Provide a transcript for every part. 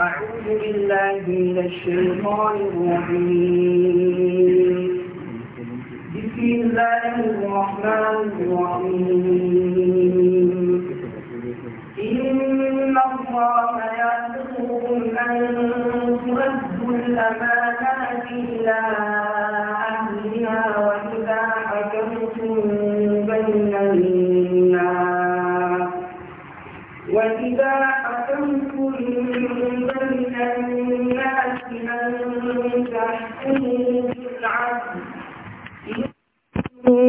أعوذ بالله من الشيطان الرجيم بسم الله الرحمن الرحيم إن الله يأمركم أن تؤدوا الأمانات إلى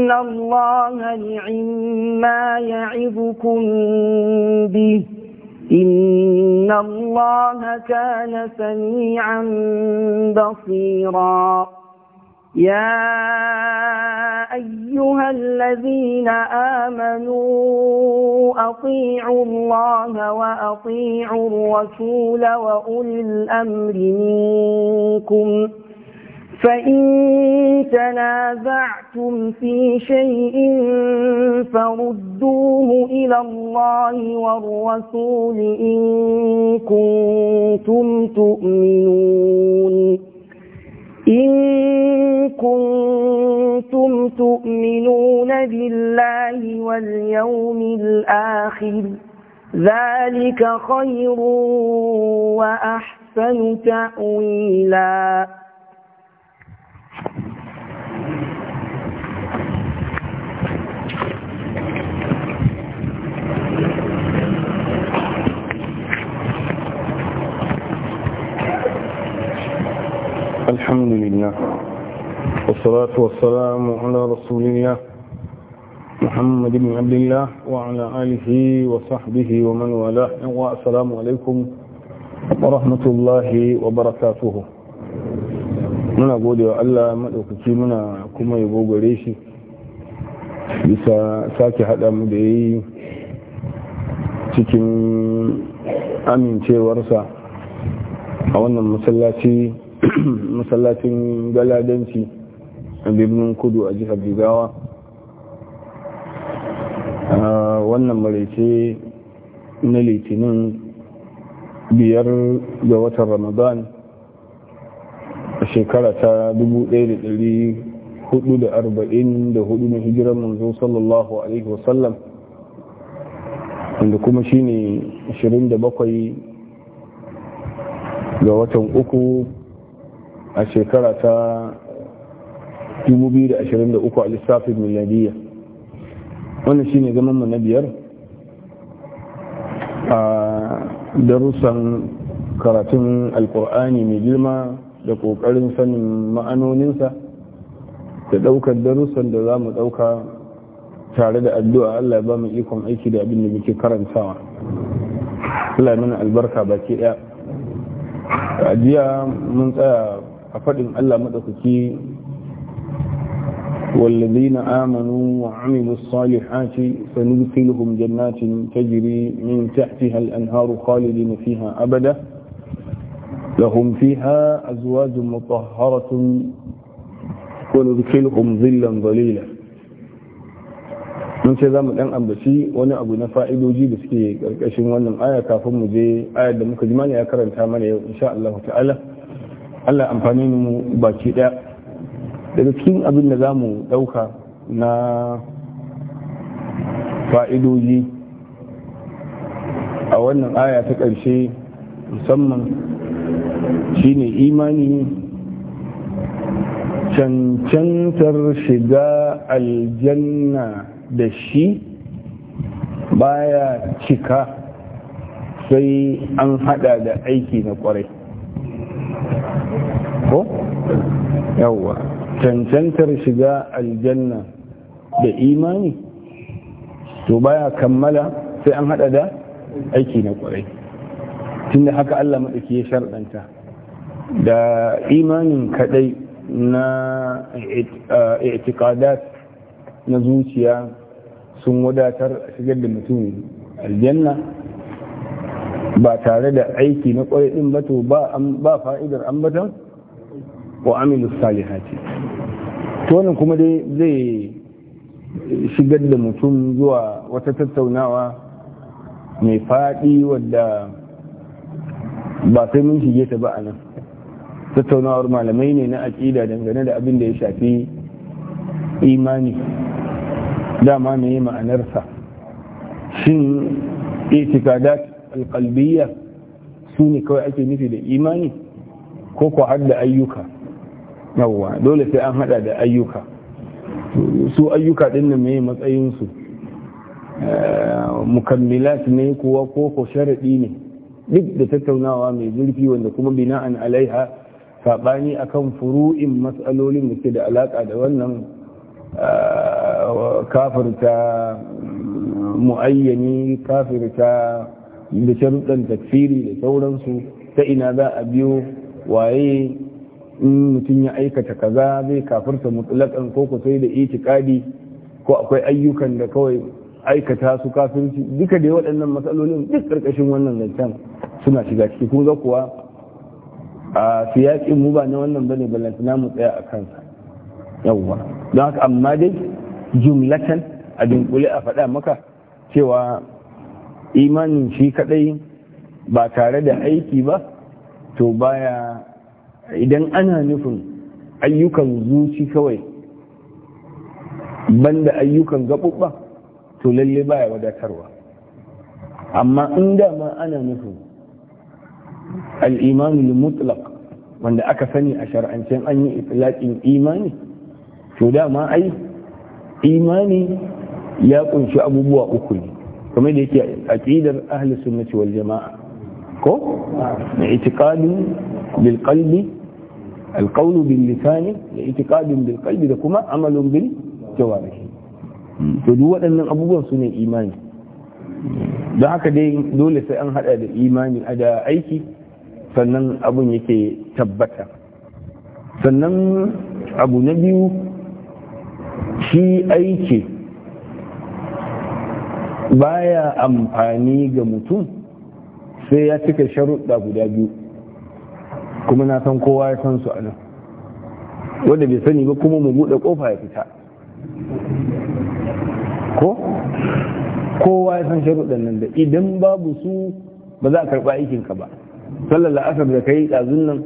إن الله لعما يعظكم به إن الله كان سميعا بصيرا يا أيها الذين آمنوا أطيعوا الله وأطيعوا الرسول وأولي الأمر منكم فإن تنازعتم في شيء فردوه إلى الله والرسول إن كنتم تؤمنون إن كنتم تؤمنون بالله واليوم الآخر ذلك خير وأحسن تأويلاً الحمد لله والصلاة والسلام على رسول الله محمد بن عبد الله وعلى آله وصحبه ومن والاه والسلام عليكم ورحمة الله وبركاته من أقول يا الله مدوكتي منا كما يبوغ ريشي bisa sake haɗa mu da yi cikin amincewarsa a wannan masallaci masallacin galadanci a birnin kudu a jihar jigawa wannan maraice na litinin biyar ga watan ramadan a shekara ta 1444 na hijirar manzo sallallahu alaihi wasallam wanda kuma shine 27 ga watan uku a shekara ta 2023 a lissafin miladiyya wannan shine zaman mu na biyar a darussan karatun alkur'ani mai girma da kokarin sanin ma'anoninsa da daukar darussan da za mu dauka tare da addu'a Allah ba mu ikon aiki da abin da muke karantawa Allah mana albarka baki ɗaya a jiya mun tsaya أفضل faɗin Allah والذين آمنوا وعملوا الصالحات فندخلهم جنات تجري من تحتها الأنهار خالدين فيها أبدا لهم فيها أزواج مطهرة وندخلهم ظلا ظليلا من شذا من أن أبشي وانا أبو نفائد وجيب سكي أشم وانا آية كافم جي آية دمك جمالي أكرم تعمل إن شاء الله تعالى Allah amfani mu baki ɗaya daga cikin abin da za mu ɗauka na fa'idoji a wannan aya ta ƙarshe musamman shine imani cancantar shiga aljanna da shi baya cika sai an hada da aiki na kwarai yawwa cancantar shiga aljanna da imani to baya kammala sai an hada da aiki na kwarai tunda haka Allah maɗauki ya sharɗanta da imanin kadai na i'tiqadat na zuciya sun wadatar a shigar da mutum aljanna ba tare da aiki na kwarai din ba to ba fa'idar ambatan wa amilu salihati to wannan kuma dai zai shigar da mutum zuwa wata tattaunawa mai faɗi wadda ba sai mun shige ta ba a nan tattaunawar malamai ne na aƙida dangane da abin da ya shafi imani dama mai ma'anarsa shin itikadat alkalbiyya su ne kawai ake nufi da imani ko ko har da ayyuka yawwa dole sai an hada da ayyuka su ayyuka din nan mai su? Eh, mukammilat ne kuwa ko ko sharadi ne duk da tattaunawa mai zurfi wanda kuma bina'an alaiha saɓani akan furu'in matsalolin da ke da alaƙa da wannan eh, kafirta mu'ayyani kafirta da sharuɗan tafsiri da sauransu ta ina za a biyo waye in mutum ya aikata kaza zai kafirta mutlaƙan ko ku sai da itikadi ko akwai ayyukan da kawai aikata su kafirci duka da waɗannan matsalolin duk ƙarƙashin wannan zancen suna shiga ciki kun ga kuwa a siyaƙin mu ba na wannan bane ballantana mu tsaya a kansa yawwa don haka amma dai jumlatan a dinkule a faɗa maka cewa imanin shi kaɗai ba tare da aiki ba to baya idan ana nufin ayyukan zuci kawai banda ayyukan gaɓuɓɓa to lalle ba ya wadatarwa amma in dama ana nufin al'imanu mutlaq wanda aka sani a shar'ancen an yi itlaƙin imani to dama ai imani ya kunshi abubuwa uku ne kamar da yake ƙidar ahli mace wal jama'a ko na itiqadin bilkalbi alqawlu bin lisani da itiqadun bil da kuma amalin bil jawarihi to duk waɗannan abubuwan su ne imani don haka dai dole sai an haɗa da imani a da aiki sannan abun yake tabbata sannan abu na biyu shi aiki baya amfani ga mutum sai ya cika sharuɗa guda biyu kuma na san kowa ya san su a nan wanda bai sani ba kuma mu buɗe ƙofa ya fita ko kowa ya san sharuɗan nan da idan babu su ba za a karɓa aikinka ba sallar la'asar da kai ɗazun nan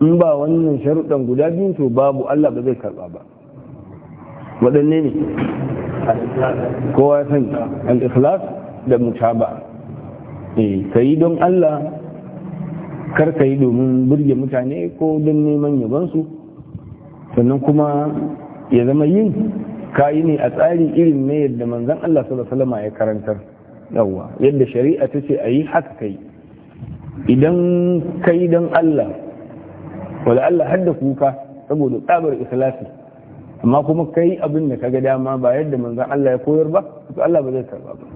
in ba wannan sharuɗan guda biyu to babu Allah ba zai karɓa ba waɗanne ne kowa ya san al-ikhlas da mutaba eh kai don Allah kar ka yi domin burge mutane ko don neman yabansu sannan kuma ya zama yin kayi ne a tsari irin na yadda manzan Allah salama ya karantar yawwa yadda shari'a ta ce a yi haka kai idan kai don Allah wadda Allah hadda kuka saboda tsabar ikhlasi amma kuma kai abin da kaga dama ba yadda manzan Allah ya koyar ba to Allah ba zai karba ba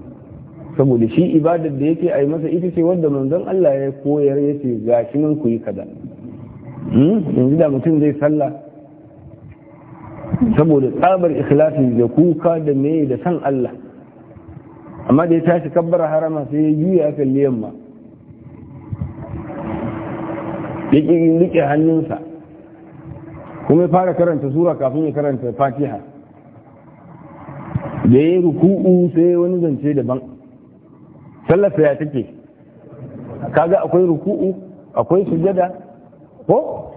saboda shi ibadar da yake a yi masa ita ce wadda manzon Allah ya koyar ya ce ga shi nan ku yi kaza hmm? yanzu da mutum zai salla saboda tsabar ikhlasi da kuka da me da san Allah amma da ya tashi kabbar harama sai ya juya kalli yamma ya ƙi riƙe hannunsa kuma ya fara karanta sura kafin ya karanta fatiha da ya yi ruku'u sai wani zance daban sallarsa ya take kaga akwai ruku'u akwai sujada ko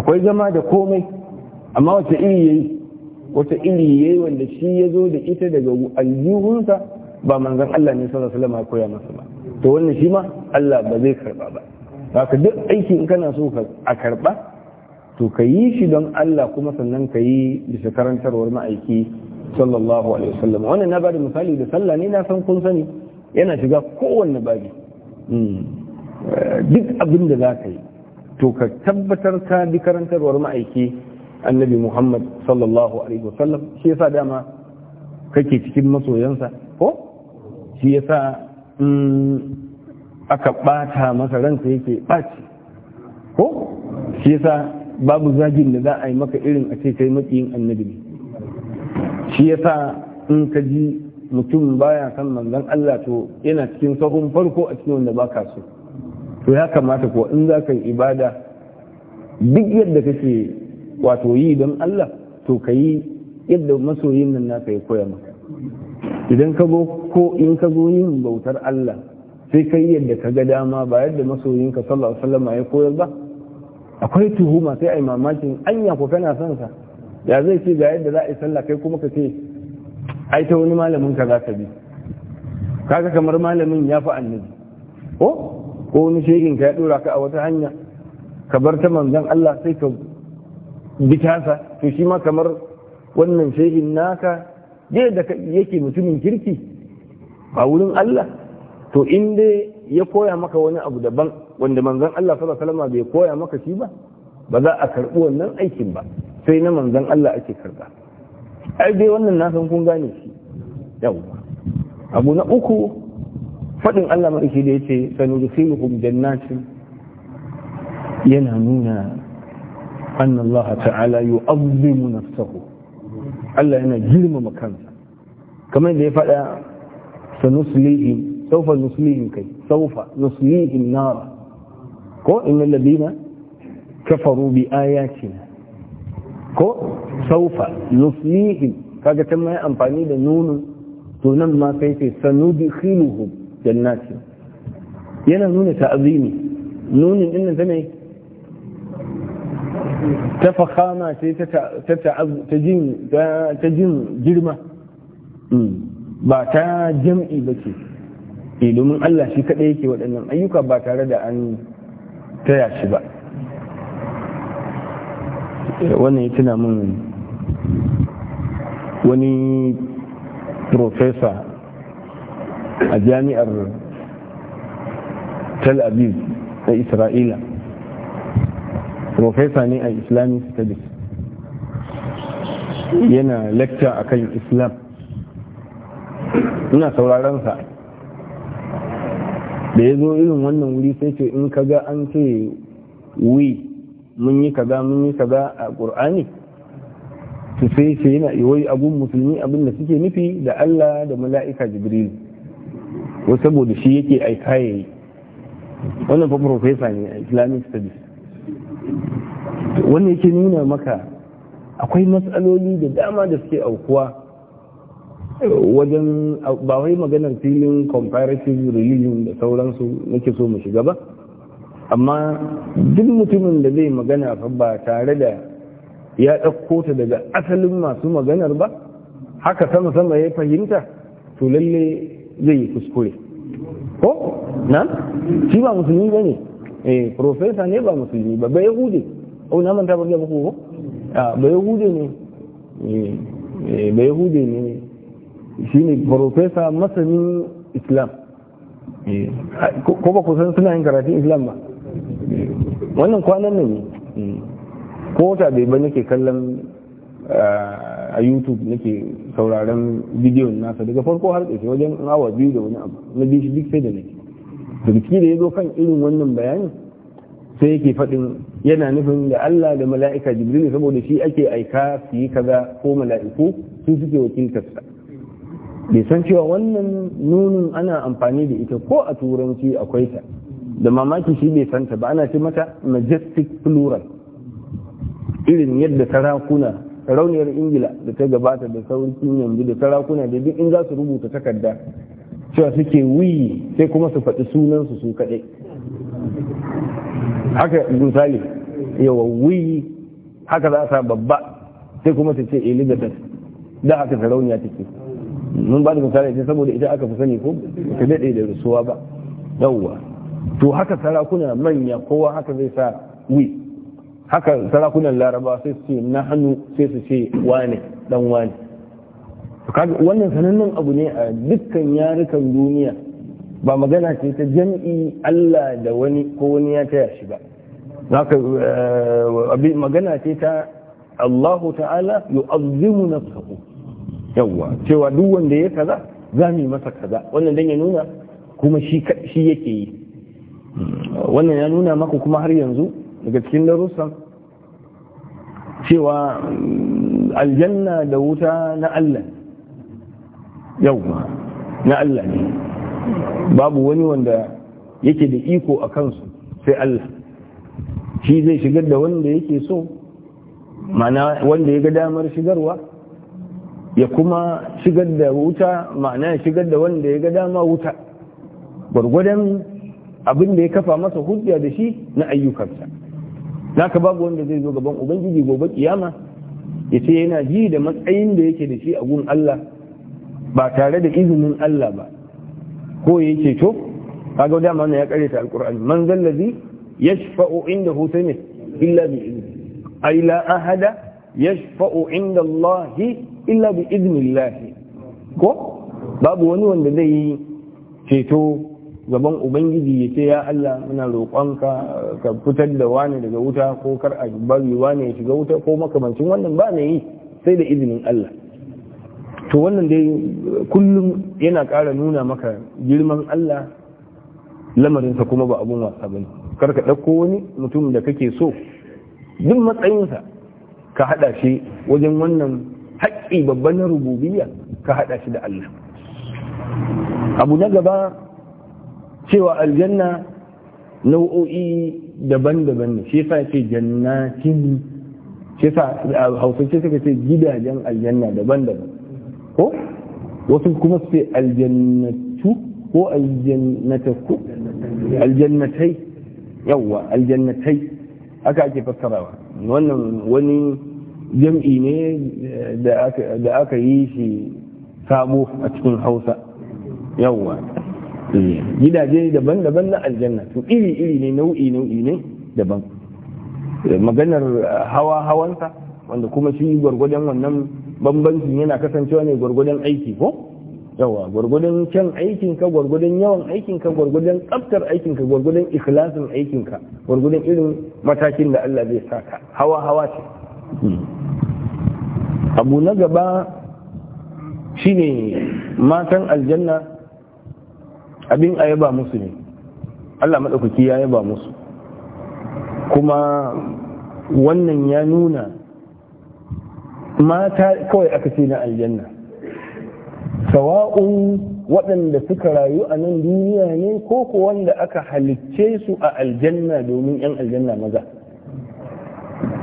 akwai zama da komai amma wata iri yayi wata iri yayi wanda shi ya zo da ita daga aljihunsa ba manzon Allah ne sallallahu alaihi wasallam ya koya masa ba to wannan shi ma Allah ba zai karba ba haka duk aiki in kana so a karba to ka yi shi don Allah kuma sannan ka yi bisa karantarwar ma'aiki sallallahu alaihi wasallam wannan na bada misali da sallah ne na san kun sani yana shiga kowanne babi duk abin da za ka yi to ka tabbatar ka bi karantarwar ma'aiki annabi muhammad sallallahu alaihi wasallam shi yasa dama kake cikin masoyansa ko shi yasa mm, aka bata masa ranka yake ɓaci ko shi yasa babu zagin da za a yi maka irin a ce kai makiyin annabi shi yasa in ka ji mutum baya san manzon Allah to yana cikin sahun farko a cikin wanda baka so to ya kamata ko in za ka yi ibada duk yadda kake wato yi don Allah to ka yi yadda masoyin nan naka ya koya maka idan ka zo ko in ka zo yin bautar Allah sai kai yadda ka ga dama ba yadda masoyinka sallallahu alaihi wasallam ya koyar ba akwai tuhuma sai ai mamakin anya ko kana son sa ya zai ce ga yadda za a yi sallah kai kuma ka ce ai ta wani malamin ka za ka bi kaga kamar malamin ya fi annabi ko ko wani shekin ka ya dora ka a wata hanya ka bar ta manzan Allah sai ka bi tasa to shi ma kamar wannan shekin naka dai da yake mutumin kirki a wurin Allah to in dai ya koya maka wani abu daban wanda manzan Allah sallallahu alaihi wasallam bai koya maka shi ba ba za a karbi wannan aikin ba sai na manzan Allah ake karba dai wannan na san kun gane shi yawa abu na uku faɗin Allah maɗauki da yace ce sanuru fili hujjannacin yana nuna an Allah ta'ala yi abubuwa Allah yana girmama kansa kamar da ya faɗa sa nusulihin saufa nusulihin kai saufa nusulihin nara ko inna labina kafaru bi ayatina ko saufa nuslihi kaga ta mai amfani da nunu to nan ma sai ce khiluhu jannati yana nuna ta'zimi nunin din ta ne ta fakhama ce ta ta jin ta jin girma mm ba ta jam'i ba ce eh domin Allah shi kaɗai yake waɗannan ayyuka ba tare da an taya shi ba wannan ya tuna min wani profesa a jami'ar tel aviv na isra'ila profesa ne a islamic studies yana lecture akan islam ina sauraron sa da ya zo irin wannan wuri sai ce in kaga an ce wi mun yi kaza mun yi kaza a ƙur'ani? su sai sai yana wai abun musulmi abin da suke nufi da Allah da mala'ika jibril wa saboda shi yake ai yayi wannan fa professor ne a islamic studies wannan yake nuna maka akwai matsaloli da dama da suke aukuwa wajen ba wai maganar filin comparative religion da sauransu nake so mu shiga ba amma duk mutumin da zai magana fa ba tare da ya ɗauko ta daga asalin masu maganar ba haka sama sama ya fahimta to lalle zai yi kuskure ko na shi ba musulmi ba ne eh profesa ne ba musulmi ba bai yahude o na manta ah, ba ga ko a bai yahude ne eh, eh bai yahude ne shine profesa masanin islam eh, ko ba ku san suna yin karatun islam ba wannan kwanan nan ne hmm. ko wata bai ba nake kallon eh, a youtube nake sauraron bidiyon nasa daga farko har ƙarshe wajen awa biyu da wani abu na bishi duk sai da nake da biki da ya zo kan irin wannan bayanin sai yake faɗin yana nufin da Allah da mala'ika jibril saboda shi ake aika su yi kaza ko mala'iku su suke wakiltarsa bai san cewa wannan nunin ana amfani da ita ko a turanci akwai ta da mamaki shi bai santa ba ana ce mata majestic plural irin yadda sarakuna rauniyar ingila da ta gabata da saurin yanzu da sarakuna da duk in za su rubuta takarda cewa suke wuyi sai kuma su faɗi sunansu su kaɗai haka misali yawa wuyi haka za a sa babba sai kuma su ce elizabeth da haka sarauniya take mun ba da misali sai saboda ita aka fi sani ko ta daɗe da rasuwa ba yawwa to haka sarakuna manya kowa haka zai sa wi haka sarakunan laraba sai su ce na hannu sai su ce wane dan wane wannan sanannen abu ne a dukkan yarukan duniya ba magana ce ta jam'i Allah da wani ko wani ya taya shi ba haka eh, magana ce ta Allahu ta'ala yu'azzimu nafsahu yawa cewa duk wanda ya kaza za mu yi masa kaza wannan dan ya nuna kuma shi shi yake yi wannan ya nuna maka kuma har yanzu daga cikin darussan cewa mm, aljanna da wuta na Allah yawma na Allah ne babu wani wanda yake da iko a kansu sai Allah shi zai shigar da wanda yake so ma'ana wanda ya ga damar shigarwa ya kuma shigar da wuta ma'ana shigar da wanda ya ga dama wuta gwargwadon abin da ya kafa masa hujja da shi na ayyukansa naka babu wanda zai zo gaban ubangiji gobe kiyama ya ce yana ji da matsayin da yake da shi a gun Allah ba tare da izinin Allah ba ko ya ce to kaga dama wannan ya karanta alqur'ani man zallazi yashfa'u inda sami illa bi izni ay la ahada yashfa'u inda Allah illa bi iznillah ko babu wani wanda zai ceto gaban ubangiji ya ce ya Allah muna roƙonka ka fitar da wani daga wuta ko kar a bari wani ya shiga wuta ko makamancin wannan ba na yi sai da izinin Allah to wannan dai kullum yana ƙara nuna maka girman Allah lamarinsa kuma ba abun wasa bane kar ka ɗauko wani mutum da kake so duk matsayinsa ka haɗa shi wajen wannan haƙƙi babban na rububiyya ka haɗa shi da Allah abu na gaba cewa aljanna nau'o'i daban-daban ne shi sa ce jannatin shi sa yasa hausance suka ce gidajen aljanna daban-daban ko wasu kuma su ce aljannatu ko aljannataku aljannatai yawwa aljannatai haka ake fassarawa wannan wani jam'i ne da aka yi shi sabo a cikin hausa yawwa gidaje daban-daban na aljanna to iri-iri ne nau'i-nau'i ne daban maganar eh, hawa-hawansa wanda kuma shi gwargwadon wannan bambancin yana kasancewa ne gwargwadon aiki ko yawa gwargwadon kyan aikinka gwargwadon yawan aikinka gwargwadon tsaftar aikinka gwargwadon ikhlasin aikinka gwargwadon irin matakin da Allah zai saka hawa-hawa ce hmm. abu na gaba shine matan aljanna abin a yaba musu ne allah maɗaukaki ya yaba musu kuma wannan ya nuna mata kawai aka ce na aljanna sawa'un waɗanda suka rayu a nan duniya ne ko ko wanda aka halicce su a aljanna domin 'yan aljanna maza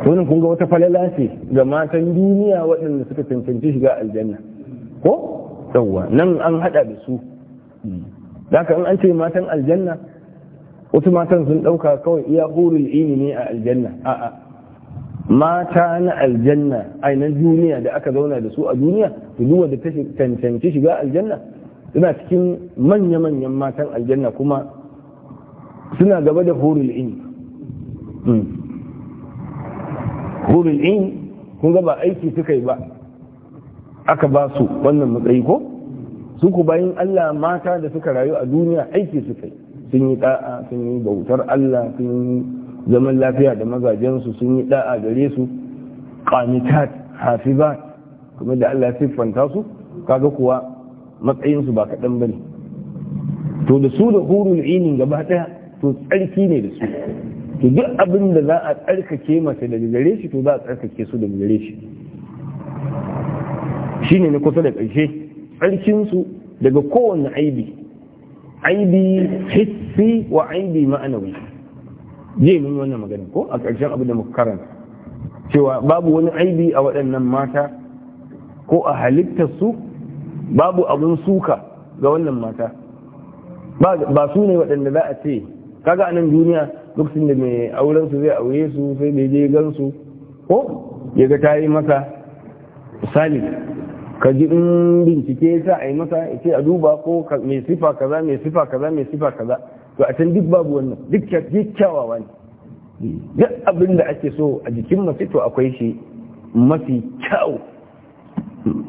wannan kun wata falala ce ga matan duniya waɗanda suka cancanci shiga aljanna ko yawwa nan an haɗa da su da in an ce matan aljanna wasu matan sun ɗauka kawai iya hurul ini ne a aljanna a'a mata na aljanna ai na duniya da aka zauna da su a duniya da duwa da ta cancanci shiga aljanna suna cikin manya-manyan matan aljanna kuma suna gaba da hurul ini hmm. hurul ini kun ga ba aiki suka yi ba aka ba su wannan matsayi ko su ku bayan Allah mata da suka rayu a duniya aiki suka yi sun yi da'a sun yi bautar Allah sun yi zaman lafiya da mazajensu sun yi da'a gare su qanitat hafizat kuma da Allah siffanta su kaga kuwa matsayin ba kaɗan bane to da su da hurul ilin gaba daya to tsarki ne da su to duk abin da za a tsarkake mace daga gare shi to za a tsarkake su da gare shi shine na kusa da ƙarshe su daga kowane aibi aibi hissi wa aibi ma'anawi je mun wannan magana ko a ƙarshen abu da muka karanta cewa babu wani aibi a waɗannan mata ko a halittar su babu abun suka ga wannan mata ba su ne waɗanda za a ce kaga a nan duniya lokacin da mai auren su zai aure su sai da je gan su ko ya ga ta yi masa misali ka ji in bincike sa a yi masa ya ce a duba ko mai sifa kaza mai sifa kaza mai sifa kaza to a can duk babu wannan duk ba ne duk abin da ake so a jikin mace to akwai shi mafi kyau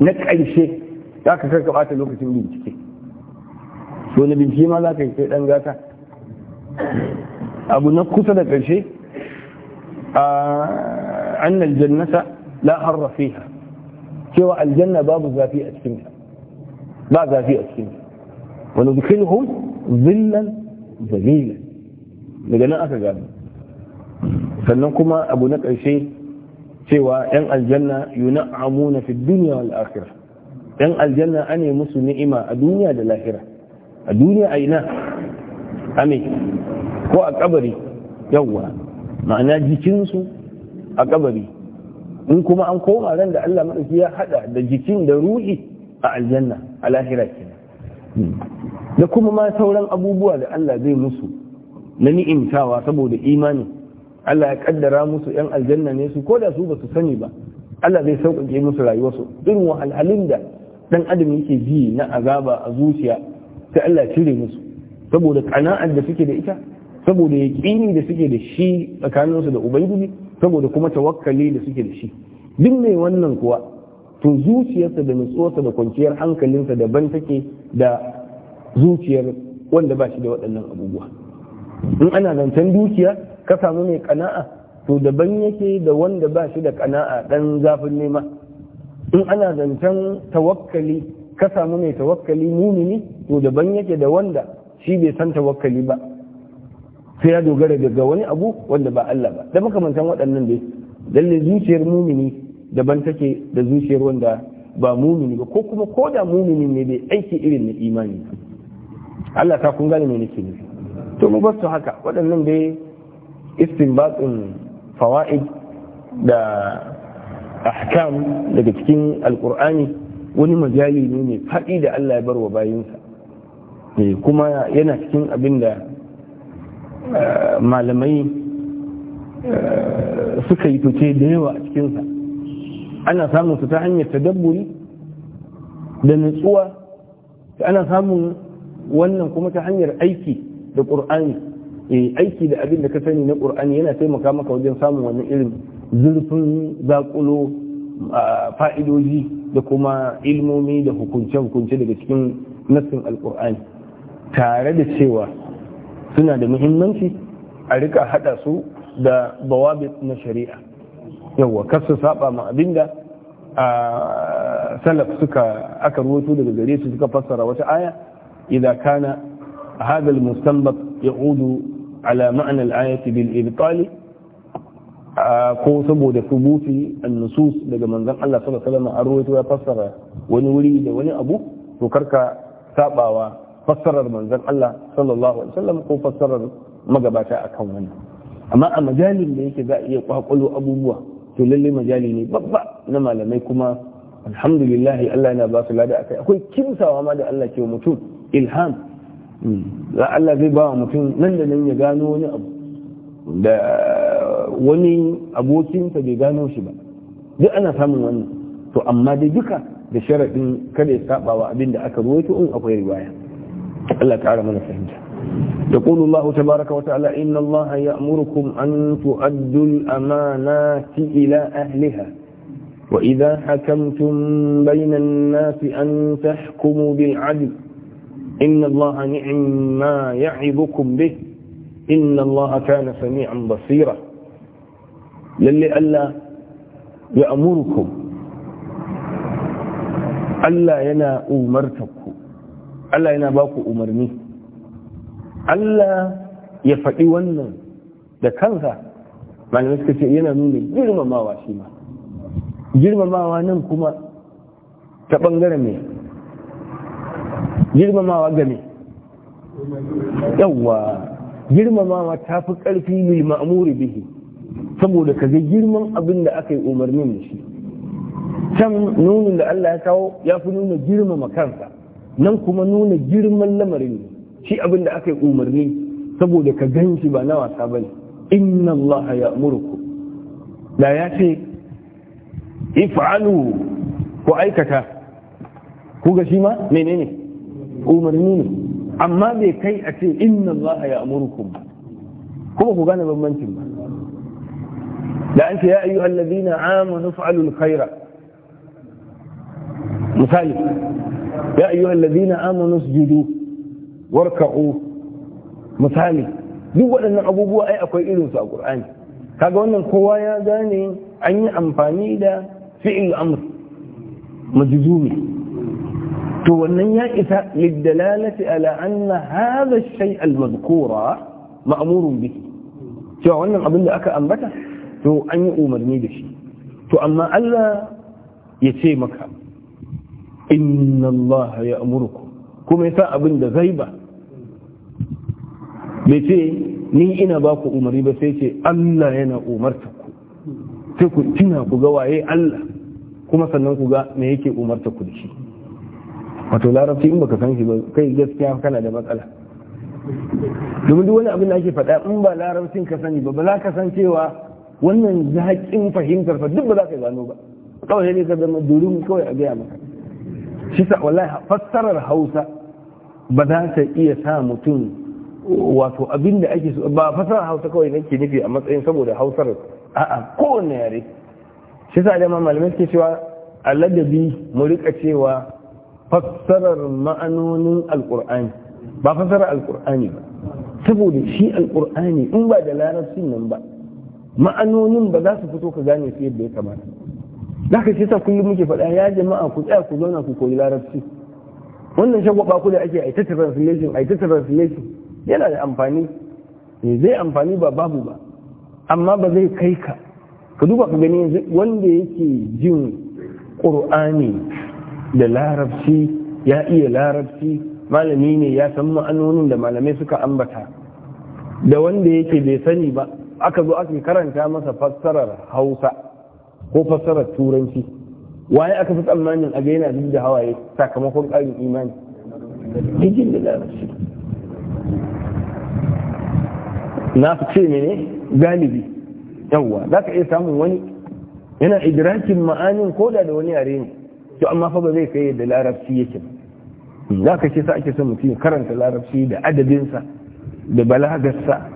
na ƙarshe za ka karka ɓata lokacin bincike so na bincike ma za ka yi ɗan gata abu na kusa da ƙarshe a annal jannata la harra fiha cewa aljanna babu zafi a cikin ba zafi a cikin wa nudkhiluhum zillan zalila daga nan aka gano sannan kuma abu na ƙarshe cewa yan aljanna yun'amuna fi dunya wal akhirah yan aljanna ane musu ni'ima a duniya da lahira a duniya a ina ame ko a kabari yawwa ma'ana jikinsu a kabari in kuma an koma ran da Allah madauki ya hada da jikin da ruhi a aljanna a lahira kenan da kuma ma sauran abubuwa da Allah zai musu na ni'imtawa saboda imani Allah ya kaddara musu yan aljanna ne su koda su ba su sani ba Allah zai sauƙaƙe musu rayuwarsu irin wahalhalun da dan adam yake ji na azaba a zuciya sai Allah cire musu saboda kana'ar da suke da ita saboda yaƙini da suke da shi tsakaninsu da ubangiji saboda kuma tawakkali da suke da shi duk mai wannan kuwa to zuciyarsa da nutsuwarsa da kwanciyar hankalinsa daban take da zuciyar wanda ba shi da waɗannan abubuwa in ana zancen dukiya ka samu mai kana'a to daban yake da wanda ba shi da kana'a ɗan zafin nema in ana zancen tawakkali ka samu mai tawakkali mumini to daban yake da wanda shi bai san tawakkali ba sai ya dogara daga wani abu wanda ba Allah ba da makamantan waɗannan dai lalle zuciyar mumini daban take da zuciyar wanda ba mumini ba ko kuma ko da mumini ne bai aiki irin na imani Allah ta kun gane me nake nufi to mu bar su haka waɗannan dai istinbatun fawaid da ahkam daga cikin alkur'ani wani majali ne mai faɗi da Allah ya bar wa bayinsa eh, kuma yana cikin abin da malamai eh, suka yi fice da yawa a cikinsa ana samun su ta hanyar tadabburi da nutsuwa ana samun wannan kuma ta hanyar aiki da ƙur'ani eh, aiki da abin da ka sani na ƙur'ani yana taimaka maka wajen samun wani irin zurfin zakulo fa'idoji da kuma ilmomi da hukunce-hukunce daga cikin nassin alƙur'ani tare da cewa suna da muhimmanci a rika hada su da bawabit na shari'a yawwa kar su saba ma abinda a salaf suka aka rubutu daga gare su suka fassara wata aya idan kana hadal al-mustanbat ya'udu ala ma'na al bil ibtali ko saboda subuti an-nusus daga manzon Allah sallallahu alaihi wasallam a ruwato ya fassara wani wuri da wani abu to karka sabawa fassarar manzon Allah sallallahu alaihi wasallam ko fassarar magabata akan wannan amma a majalin da yake za a iya kwakwalo abubuwa to lalle majali ne babba na malamai kuma alhamdulillah Allah yana ba su lada akai akwai kimsawa ma da Allah ke mutum ilham hmm. za Allah zai ba mutum nan da nan ya gano wani abu da wani abokinsa bai gano shi ba duk ana samun wannan to amma dai duka da sharaɗin kada ya saba wa abin da aka ruwaito in akwai riwaya الله تعالى mana fahimta يقول الله تبارك وتعالى إن الله يأمركم أن تؤدوا الأمانات إلى أهلها وإذا حكمتم بين الناس أن تحكموا بالعدل إن الله نعم ما يعظكم به إن الله كان سميعا بصيرا للي ألا يأمركم ألا ينا أمرتكم Allah yana ba ku umarni Allah ya faɗi wannan da kansa malamai suka ce yana nuna girmamawa shi ma girmamawa nan kuma ta ɓangaren mai girmamawa game yawwa girmamawa ta fi ƙarfi mai ma'amuri bihi saboda ka ga girman abin da aka yi umarnin da shi can nunin da Allah ya kawo ya fi nuna girmama kansa nan kuma nuna girman lamarin shi abin da aka yi umarni saboda ka gan shi ba na wasa ba ne inna Allah ya murku da ya ce if'alu ku aikata ku ga shi ma menene umarni ne amma bai kai a ce inna Allah ya amurkum kuma ku gane bambancin ba da an ce ya ayyuhal ladina amanu fa'alul khaira misali يا أيها الذين آمنوا اسجدوا واركعوا مثالي duk waɗannan abubuwa ai akwai irin su a Qur'ani kaga wannan kowa ya gane an yi amfani da fi'il amr majzumi to wannan ya isa lidalalati ala anna hadha ash-shay' al-madhkura ma'murun bihi to wannan abin da aka ambata to an yi umarni da shi to amma Allah ya ce maka inna Allah ya amurku kuma ya sa abin da zai ba bai ce ni ina ba ku umarni ba sai ce Allah yana umarta ku sai ku tuna ku ga waye Allah kuma sannan ku ga me yake umarta ku da shi wato larabci in baka san shi ba kai gaskiya kana da matsala domin duk wani abin da ake faɗa in ba larabcin ka sani ba ba za ka san cewa wannan zaƙin fahimtar fa duk ba za ka gano ba kawai ne ka zama durin kawai a gaya maka shi sa wallahi fassarar hausa ba za ta iya sa mutum wato abin da ake so ba fassarar hausa kawai nake nufi a matsayin saboda hausar a'a kowane yare shi sa dama malamai suke cewa a ladabi mu rika cewa fassarar ma'anonin alkur'ani ba fassarar alkur'ani ba saboda shi alkur'ani in ba da larabcin nan ba ma'anonin ba za su fito ka gane su yadda ya kamata Zaka shi sa kullum muke faɗa ya jama'a ku tsaya ku zauna ku koyi larabci wannan shagwaba ku da ake a ta translation a ta translation yana da amfani ne eh, zai amfani ba babu ba amma ba zai kai ka ka duba ka gani wanda yake jin ƙur'ani da larabci ya iya larabci malami ne ya san ma'anonin da malamai suka ambata da wanda yake bai sani ba aka zo aka karanta masa fassarar hausa ko fassarar turanci waye aka fi tsammanin a gaina duk da hawaye sakamakon ƙarin imani cikin da larabci na fi ce mene galibi yawwa za ka iya samun wani yana idrakin ma'anin koda da wani yare ne to amma fa ba zai kai da larabci yake za ka ce sa ake son mutum karanta larabci da adabinsa da balagarsa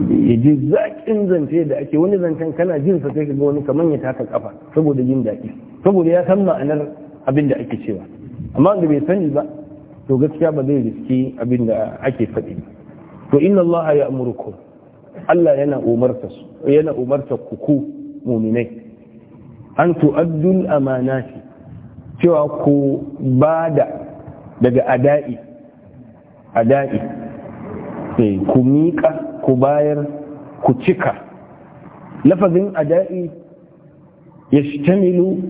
ya ji zaƙin zance da ake wani zancen kana jin sa sai ga wani kaman ya taka kafa saboda jin daɗi saboda ya san ma'anar abin da ake cewa amma da bai sani ba to gaskiya ba zai riski abin da ake faɗi ba to inna Allah ya amurku Allah yana umarta su yana umarta ku ku mu'minai an tu'addul amanati cewa ku bada daga ada'i ada'i eh, ku miƙa ku bayar ku cika lafazin ada'i ya shtamilu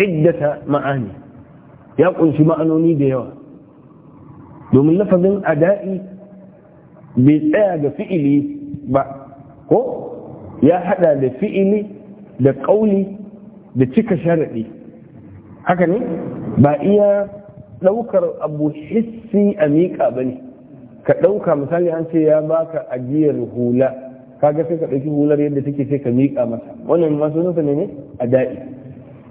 iddata ma'ani ya kunshi ma'anoni da yawa domin lafazin ada'i bai tsaya ga fi'ili ba ko ya hada da fi'ili da ƙauli da cika sharaɗi haka ne ba iya ɗaukar abu hissi a miƙa ba ne ka ɗauka misali an ce ya baka ajiyar hula kaga sai ka ɗauki hular yadda take sai ka miƙa masa wannan ma nufin ne a da'i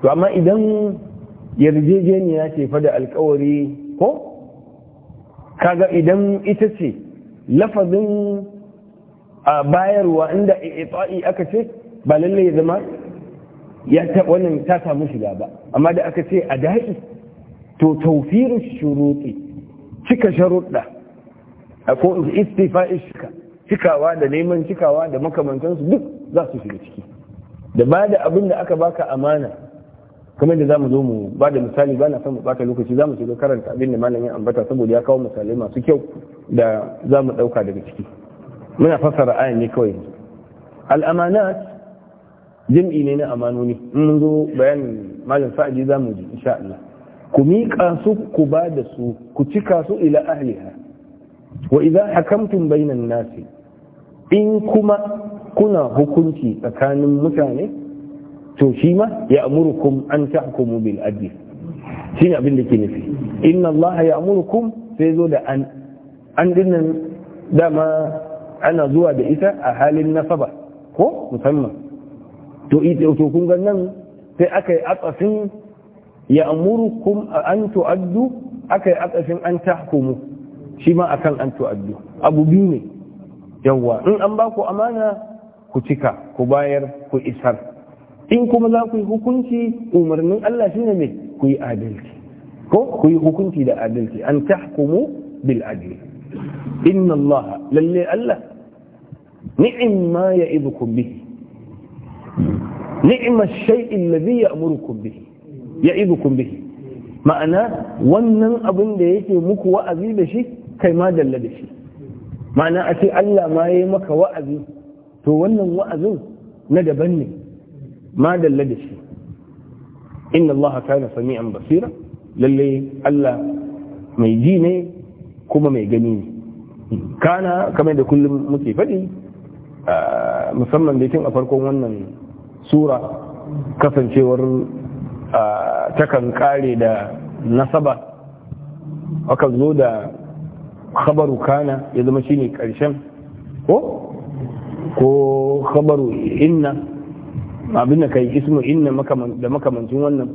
to amma idan yarjejeniya ce fa da alkawari ko kaga idan ita ce lafazin a bayarwa inda itsa'i aka ce ba lalle ya zama ya ta wannan ta samu shiga ba amma da aka ce a da'i to tawfiru shuruti cika sharuɗa ko istifa'i shika cikawa da neman cikawa da makamantansu duk za su shiga ciki da ba da abin da aka baka amana kamar da zamu zo mu ba da misali ba na son mu baka lokaci zamu shiga karanta abin da malamin ambata saboda ya kawo misalai masu kyau da zamu dauka daga ciki muna fassara ayan ne kawai al-amanat ne na amanoni in mun zo bayanin malam sa'adi zamu ji insha Allah ku miƙa su ku ba da su ku cika su ila ahliha wa idan hakamtum bainan nasi in kuma kuna hukunci tsakanin mutane to shi ma ya amurukum an tahkumu bil adl shine abin da ke nufi inna allaha ya amurukum sai zo da an an dinnan dama ana zuwa da ita a halin nasaba ko musamman to to kun ga nan sai aka yi atsasin ya amurukum an tu'addu aka yi atsasin an tahkumu shi ma akan an tu'addu abu biyu ne yawwa in an ba ku amana ku cika ku bayar ku isar in kuma za ku yi hukunci umarnin Allah shine ne ku yi adalci ko ku yi hukunci da adalci an tahkumu bil adli inna Allah lalle Allah ni'im ma ya'idukum bihi ni'im ash-shay'i alladhi ya'murukum bihi ya'idukum bihi ma'ana wannan abin da yake muku wa'azi da shi kai ma dalla da shi ma'ana a ce Allah ma ya yi maka wa'azi to wannan wa'azin na daban ne ma dalla da shi inna Allah sami an basira lalle Allah mai ji ne kuma mai gani ne kana kamar da kullum muke faɗi musamman da tun a farkon wannan sura kasancewar takan kare da nasaba akan zo da khabaru kana ya zama shine karshen ko ko khabaru inna abin da kai ismu inna da makamancin wannan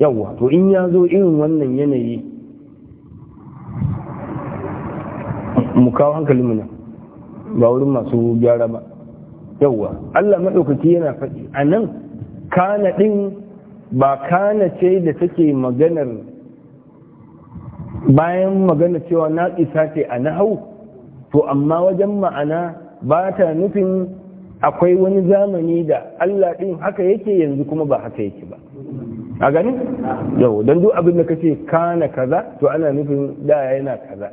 yawa to in ya zo irin wannan yanayi mu kawo hankalinmu ne ba wurin masu gyara ba yawa Allah madaukaki yana faɗi a nan kana ɗin ba kana ce da take maganar bayan magana cewa na isa ce a nahau to amma wajen ma'ana ba ta nufin akwai wani zamani da Allah ɗin haka yake yanzu kuma ba haka yake ba a gani? yau don duk abin da ka ce kana kaza to ana nufin da yana kaza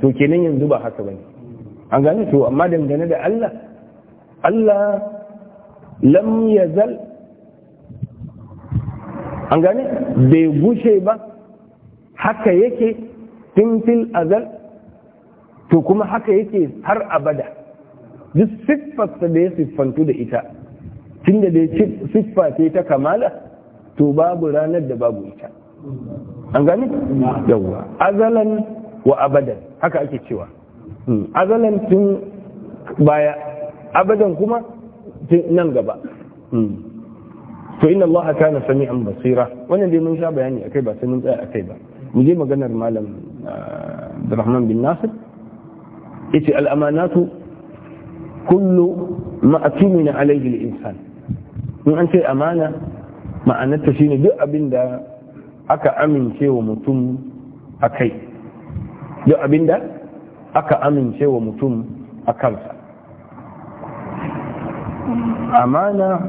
to kenan yanzu ba haka ba ne A gani to amma dangane da Allah Allah lam yazal an gani bai gushe ba haka yake tun fil azal to kuma haka yake har abada duk siffarsa da ya siffantu da ita tun da dai siffa ce ta kamala to babu ranar da babu ita an gani? yawwa azalan wa abadan haka ake cewa hmm. azalan tun baya abadan kuma nan gaba hmm. to inna Allah kana sami'an basira wannan dai mun sha bayani akai ba sai mun tsaya akai ba mu je maganar malam Abdurrahman bin Nasir yace al'amanatu kullu ma atumina alayhi al in an ce amana ma'anarta shine duk abin da aka amince mutum akai duk abin da aka amince mutum a amana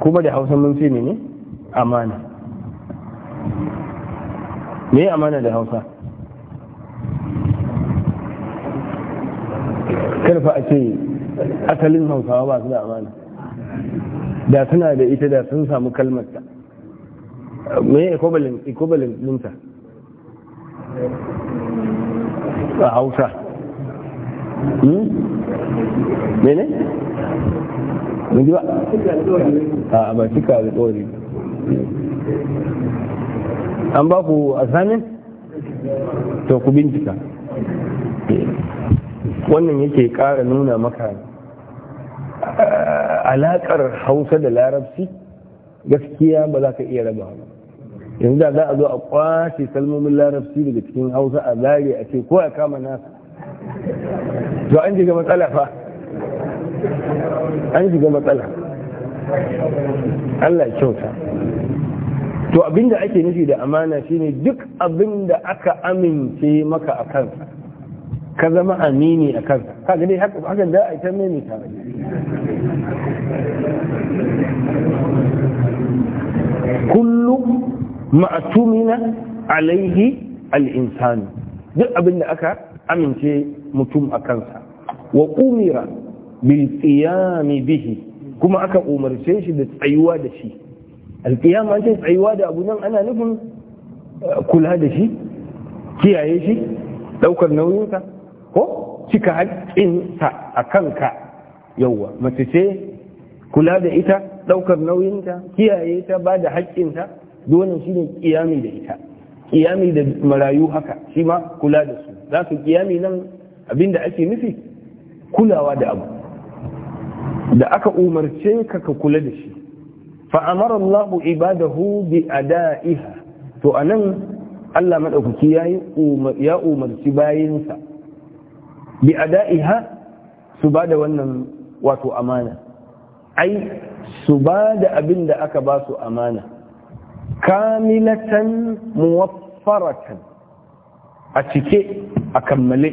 kuma da hausa mun ce ne amana me amana da hausa karfa a ce asalin hausawa ba su da amana da suna da ita da sun samu kalmarta me equivalent ɗinta a hausa hmm? mene? mun ji ba? a ba shi ka alƙori an ba ku asamin to ku bincika wannan yake ƙara nuna maka eh, Alakar hausa da larabci gaskiya ba za ka iya raba ba yanzu da za a zo a kwashe kalmomin larabci daga cikin hausa a zare a ce ko a kama nasa to an shiga matsala fa an shiga matsala Allah kyauta to abinda ake nufi da amana shine duk abinda aka amince maka a kansa كذا ما أميني أكذا قال لي حق حق لا أتميني كذا كل ما أتمنى عليه الإنسان دي أبن أكا أمن تي متم أكنسا وأمر بالقيام به كما أكا أمر شيش بتعيوا دشي القيام أنت تعيوا أيواد أبو نام أنا نفهم كل هذا شي كي عايشي لو كان نوينك ko cika haƙƙinsa a kanka yauwa mace ce kula da ita ɗaukar nauyinta kiyaye ta ba da haƙƙinta dole shi ne ƙiyami da ita ƙiyami da marayu haka shi ma kula da su za su ƙiyami nan abin da ake nufi kulawa da abu da aka umarce ka ka kula da shi fa'amar Allah ibadahu bi ada'iha to anan Allah maɗaukaki ya umarci bayansa bi ada'iha su ba da wannan wato amana ai su ba da abin da aka ba su amana kamilatan muwaffaratan a cike a kammale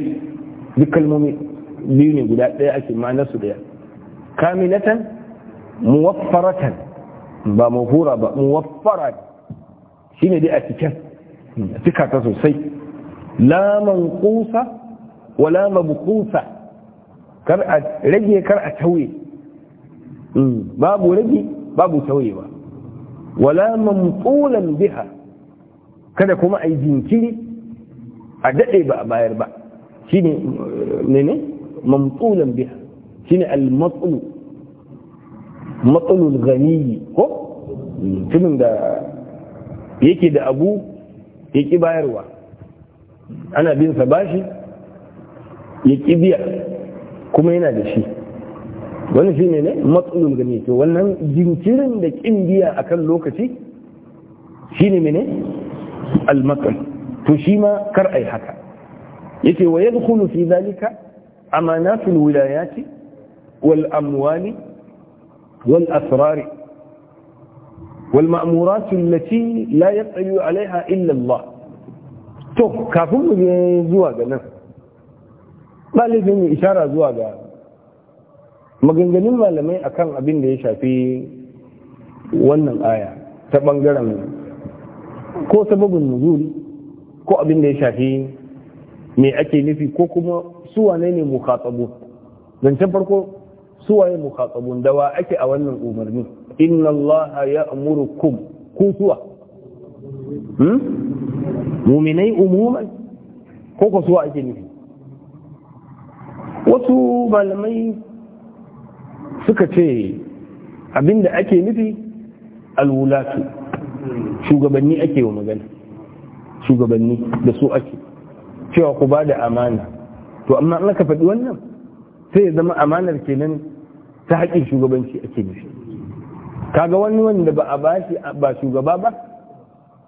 duk kalmomi biyu ne guda ɗaya ake ma'anar su ɗaya kamilatan muwaffaratan ba mahura ba muwaffara shine dai a cikin cika ta sosai laman ƙusa. wala mabqusa kar a rage kar a tauye mm, babu rage babu tauyewa wala mamqulan biha kada kuma ai jinkiri a dade ba a bayar ba shine menene mamqulan biha shine al-matlu matsalul ghani ko tunin da yake da abu ya ƙi bayarwa ana bin sa bashi ya ƙi biya kuma yana da shi wani shi ne ne matsalin gani to wannan jinkirin da ƙin biya a kan lokaci shi ne mene almakal to shi ma kar a yi haka ya ce wa ya dukulu fi zalika amanatul wilayati wal amwali wal asrari wal ma'muratu allati la yaqilu alaiha illa Allah to kafin mu zuwa ga nan ɗalibin ya ishara zuwa ga maganganun malamai akan abin da ya shafi wannan aya ta ɓangaren ko sababin nuzuri ko abin da ya shafi me ake nufi ko kuma suwa ne mukhatsabu zancen farko ne mukatsabu da wa ake a wannan umarni inna amuru kum ku suwa hmm? muminai umuman ko ku suwa ake nufi wasu malamai suka ce abinda ake nufi alwulatu shugabanni ake wa magana shugabanni da su ake cewa ku ba da amana to amma an ka faɗi wannan sai ya zama amanar kenan ta haƙin shugabanci ake nufi kaga wani wanda ba a ba shi ba shugaba ba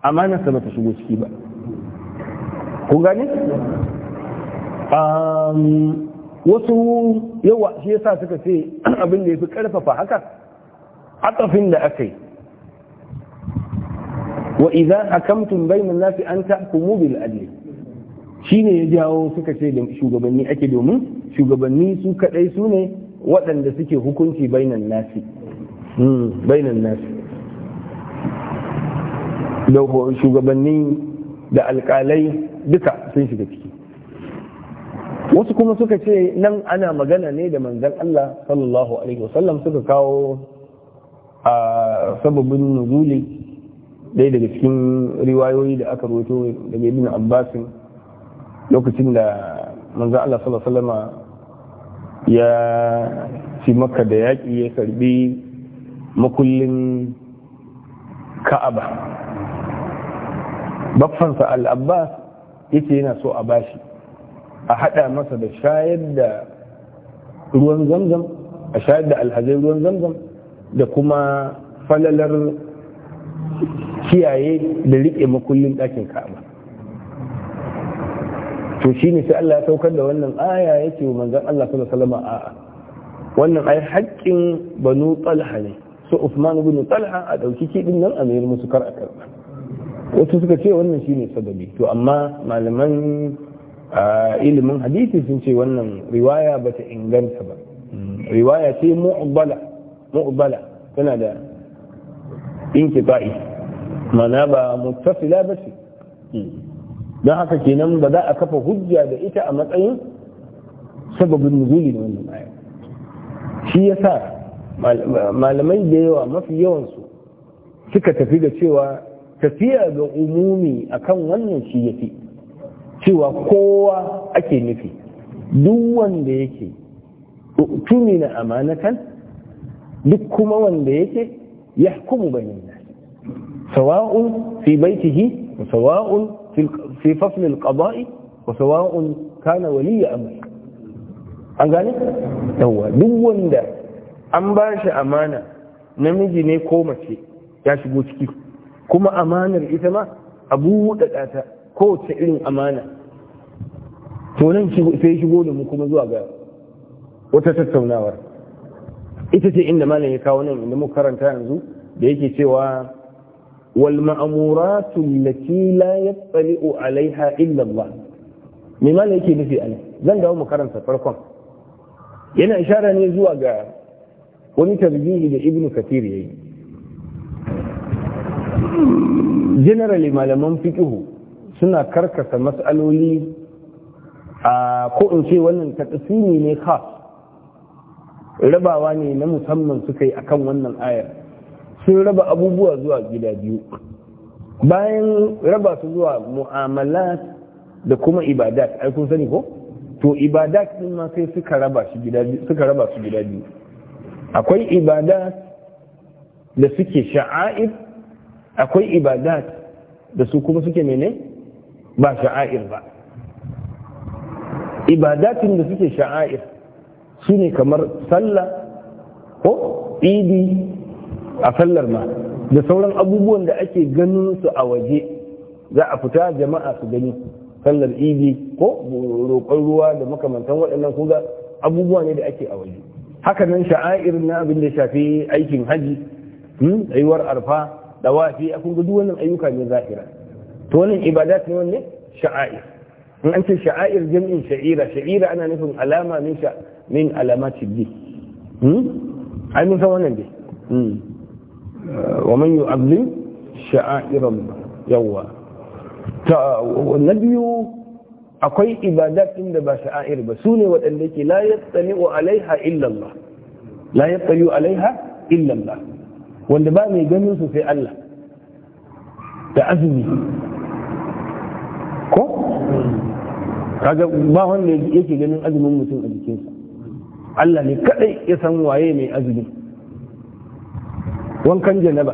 amanarsa ba ta shigo ciki ba ku gane? wasu yawa shi ya sa suka ce abin da ya fi karfafa haka atafin da aka yi wa idza hakamtum bainan nasi an tahkumu bil Shi ne ya jawo suka ce da shugabanni ake domin shugabanni su kadai su ne waɗanda suke hukunci bainan nasi hmm, bainan nasi da shugabanni da alƙalai duka sun shiga ciki wasu kuma suka ce nan ana magana ne da manzan Allah sallallahu alaihi wasallam suka kawo a sababin nuzuli ɗaya daga cikin riwayoyi da aka rubuto daga ibn Abbas lokacin da manzan Allah sallallahu alaihi ya ci maka da yaƙi ya karbi makullin ka'aba baffansa al-Abbas yace yana so a bashi a haɗa masa da shayar da ruwan zamzam a shayar da alhazai ruwan zamzam da kuma falalar kiyaye da riƙe makullin ɗakin ka'aba to shi ne sai Allah ya saukar da wannan aya ya ce wa manzan Allah sallallahu alaihi wasallam a'a wannan ai haƙƙin banu talha ne so Uthman ibn Talha a ɗauki kiɗin nan a mayar musu kar a karba wasu suka ce wannan ne sababi to amma malaman A ilimin hadisi sun ce wannan riwaya ba ta inganta ba riwaya ce mu'bala mu'bala tana da inkita'i mana ba muttasila ba ce don haka kenan ba za a kafa hujja da ita a matsayin sababin nuzuli da wannan aya shi ya sa malamai da yawa mafi yawansu suka tafi da cewa tafiya ga umumi akan wannan shi ya fi. cewa kowa ake nufi duk wanda yake na amanatan duk kuma wanda yake ya hukumu bayan sawa'un fi baitihi wa sawa'un fi fasl al-qada'i wa sawa'un kana waliya amri an gane yawa duk wanda an ba shi amana namiji ne ko mace ya shigo ciki kuma amanar ita ma abu da ta kowace irin amana to nan sai shigo da mu kuma zuwa ga wata tattaunawar ita ce inda malam ya kawo nan inda muka karanta yanzu da yake cewa wal ma'amuratu allati la yattali'u alaiha illa Allah me malam yake nufi a zan dawo mu karanta farkon yana ishara ne zuwa ga wani tarjihi da ibnu kathir yayi generally malaman fiqhu suna karkasa matsaloli a ko in ce wannan takasimi ne ha. rabawa ne na musamman suka yi akan wannan ayar sun raba abubuwa zuwa gida biyu bayan raba su zuwa mu'amalat da kuma ibadat ai kun sani ko to ibadat din ma sai suka raba shi gida biyu suka raba su gida biyu akwai ibadat da suke sha'air akwai ibadat da su kuma suke menene ba sha'air ba ibadatin da suke sha'air su ne kamar sallah ko idi a sallar ma da sauran abubuwan da ake ganin su a waje za a fita jama'a su gani sallar idi ko roƙon ruwa da makamantan waɗannan kuga abubuwa ne da ake a waje haka nan sha'air na abin da shafi aikin haji hmm, tsayuwar arfa da wafi a kunga duk wannan ayyuka ne zahira to wannan ibadat ne wanne sha'air in an ce sha'air jami'in sha'ira sha'ira ana nufin alama min sha min alamati bi hmm ai mun san wannan dai hmm wa man yu'azzim sha'air yawa ta na biyu akwai ibadat din da ba sha'air ba sune waɗanda ke la yattali'u alaiha illa Allah la yattali'u alaiha illa Allah wanda ba mai ganin su sai Allah da azumi kaga ba wanda yake ganin azumin mutum a jikinsa Allah ne kadai ya san waye mai azumi wankan janaba